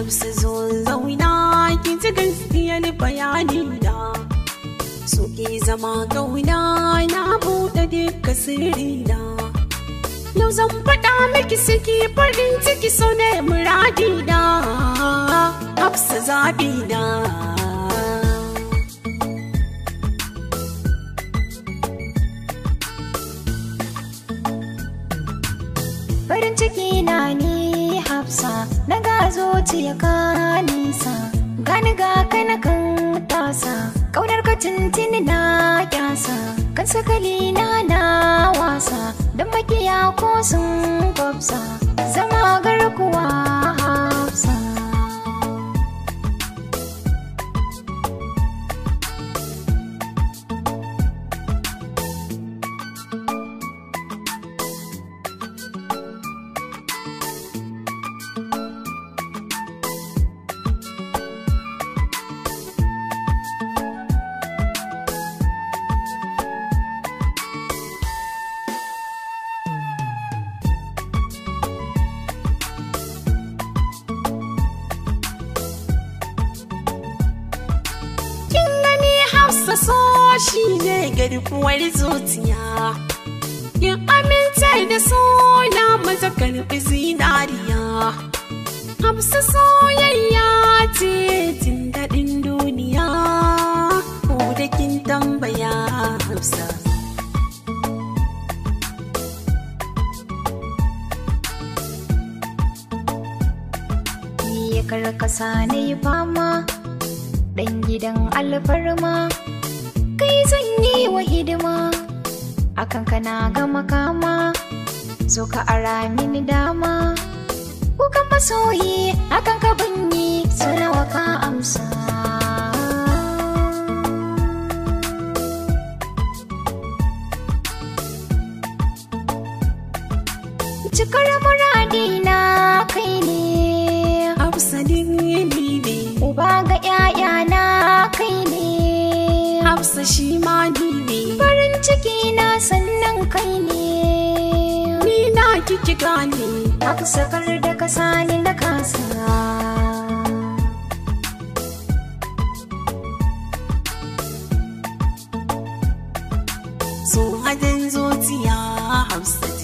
amsa zo zauna ki ji gaskiyar bayani na so ke zama gauna na buɗe duka sirri na yau zan faɗa miki suke farin ciki so ne muradi na hafsa zaɓi na farin ciki na ni kusa na ga zuciya ka nisa gani ga kai na kan tasa kaunar ka tintini na kyasa kan sakali na na wasa don makiya ko sun kwafsa zama garkuwa hafsa Ƙasoshi shi ne garkuwar zuciya yin aminta da sona maza karɓi zinariya amsa soyayya ce jin daɗin duniya ko da kin tambaya amsa karkasa na yi fama ɗan gidan alfarma kai zan yi wa hidima akan kana ga makama zo ka ara mini dama kukan masoyi akan ka su sarawa ka amsa cikar muradina nasa shi ma ni ne farin ciki na sannan kai ne ni na kiki gane na sakar da kasa ni na kasa so hadin zuciya hausa